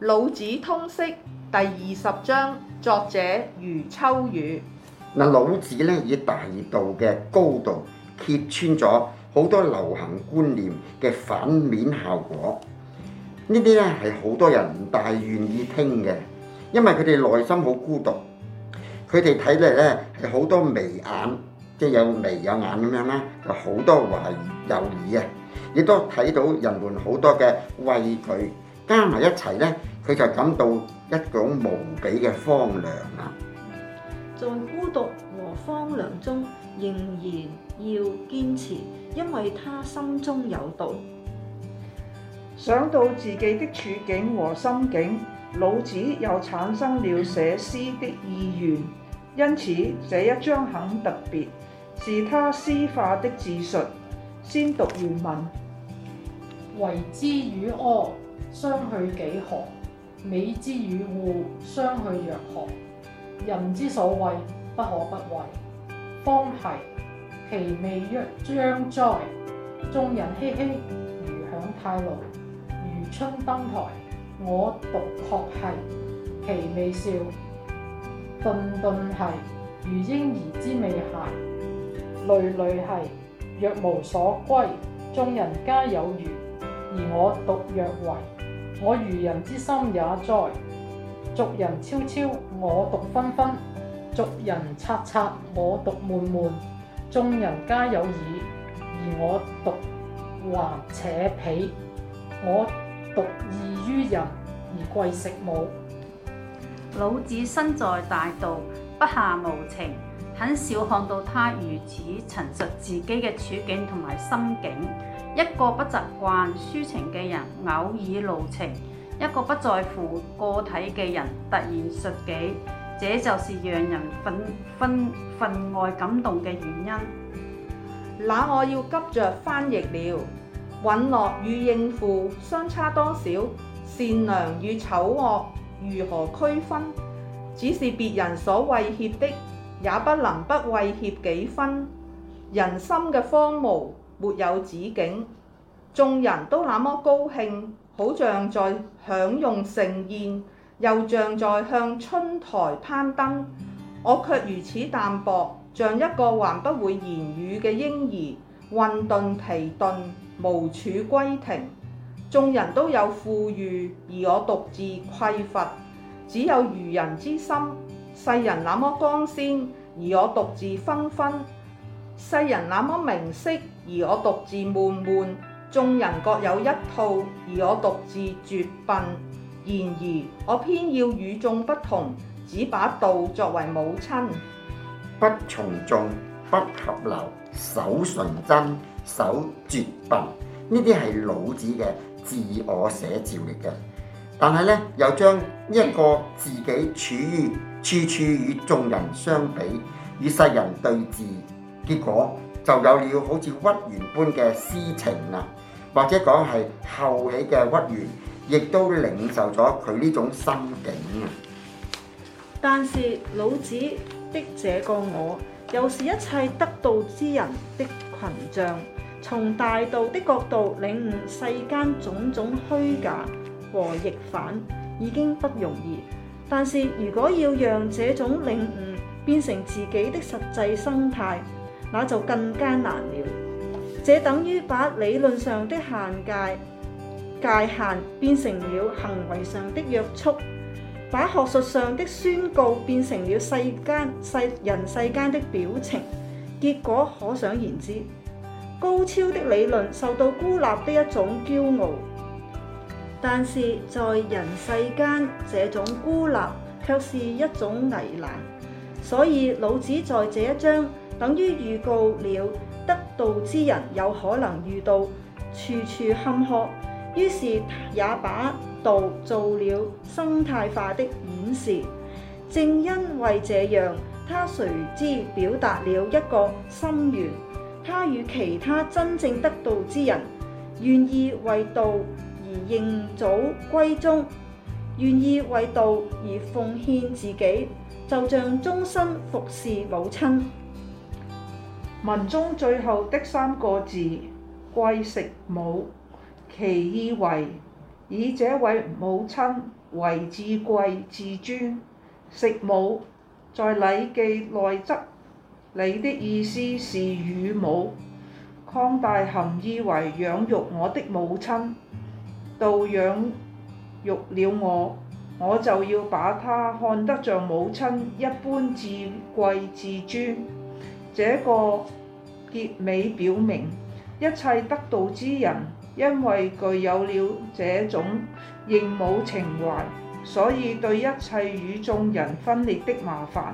《老子通釋》第二十章，作者余秋雨。嗱，《老子》咧以大道嘅高度揭穿咗好多流行觀念嘅反面效果。呢啲咧係好多人唔大願意聽嘅，因為佢哋內心好孤獨。佢哋睇嚟咧係好多眉眼，即係有眉有眼咁樣啦，有好多懷疑猶疑啊，亦都睇到人們好多嘅畏懼。加埋一齊呢，佢就感到一種無比嘅荒涼啊！在孤獨和荒涼中，仍然要堅持，因為他心中有道。想到自己的處境和心境，老子又產生了寫詩的意願，因此這一章很特別，是他詩化的自述。先讀原文：為之與阿。相去幾何？美之與惡，相去若何？人之所畏，不可不畏。荒兮其未若將哉？眾人熙熙，如享太牢，如春登台。我獨泊兮，其未兆，沌沌兮，如嬰兒之未孩。累累兮，若無所歸。眾人皆有餘，而我獨若遺。我愚人之心也哉，俗人昭昭，我獨昏昏；俗人察察，我獨悶悶。眾人皆有以，而我獨頑且鄙。我獨異於人，而貴食母。老子身在大道，不下無情，很少看到他如此陳述自己嘅處境同埋心境。一個不習慣抒情嘅人，偶爾露情；一個不在乎個體嘅人，突然述己，這就是讓人分分分外感動嘅原因。那我要急着翻譯了。允諾與應付相差多少？善良與醜惡如何區分？只是別人所畏怯的，也不能不畏怯幾分。人心嘅荒蕪。沒有止境，眾人都那麼高興，好像在享用盛宴，又像在向春台攀登。我卻如此淡薄，像一個還不會言語嘅嬰兒，混沌疲鈍，無處歸停。眾人都有富裕，而我獨自匱乏，只有愚人之心。世人那麼光鮮，而我獨自紛紛。世人那麼明晰，而我獨自悶悶；眾人各有一套，而我獨自絕笨。然而我偏要與眾不同，只把道作為母親，不從眾，不合流，守純真，守絕笨。呢啲係老子嘅自我寫照嚟嘅，但係咧又將一個自己處於處處與眾人相比，與世人對峙。結果就有了好似屈原般嘅詩情啊，或者講係後起嘅屈原，亦都領受咗佢呢種心境啊。但是老子的這個我，又是一切得道之人的群像。從大道的角度領悟世間種種虛假和逆反已經不容易，但是如果要讓這種領悟變成自己的實際生態，那就更艱難了。這等於把理論上的限界界限變成了行為上的約束，把學術上的宣告變成了世間世人世間的表情。結果可想而知，高超的理論受到孤立的一種驕傲，但是在人世間這種孤立卻是一種危難。所以老子在這一章，等於預告了得道之人有可能遇到處處坎坷，於是也把道做了生態化的演示。正因為這樣，他隨之表達了一個心願：他與其他真正得道之人，願意為道而認祖歸宗，願意為道而奉獻自己，就像終身服侍母親。文中最後的三個字「貴食母」，其意為“以這位母親為至貴至尊。食母，在《禮記內則》裡的意思是乳母，擴大含意為“養育我的母親，道養育了我，我就要把她看得像母親一般至貴至尊。這個結尾表明，一切得道之人，因為具有了這種應母情懷，所以對一切與眾人分裂的麻煩，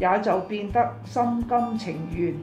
也就變得心甘情願。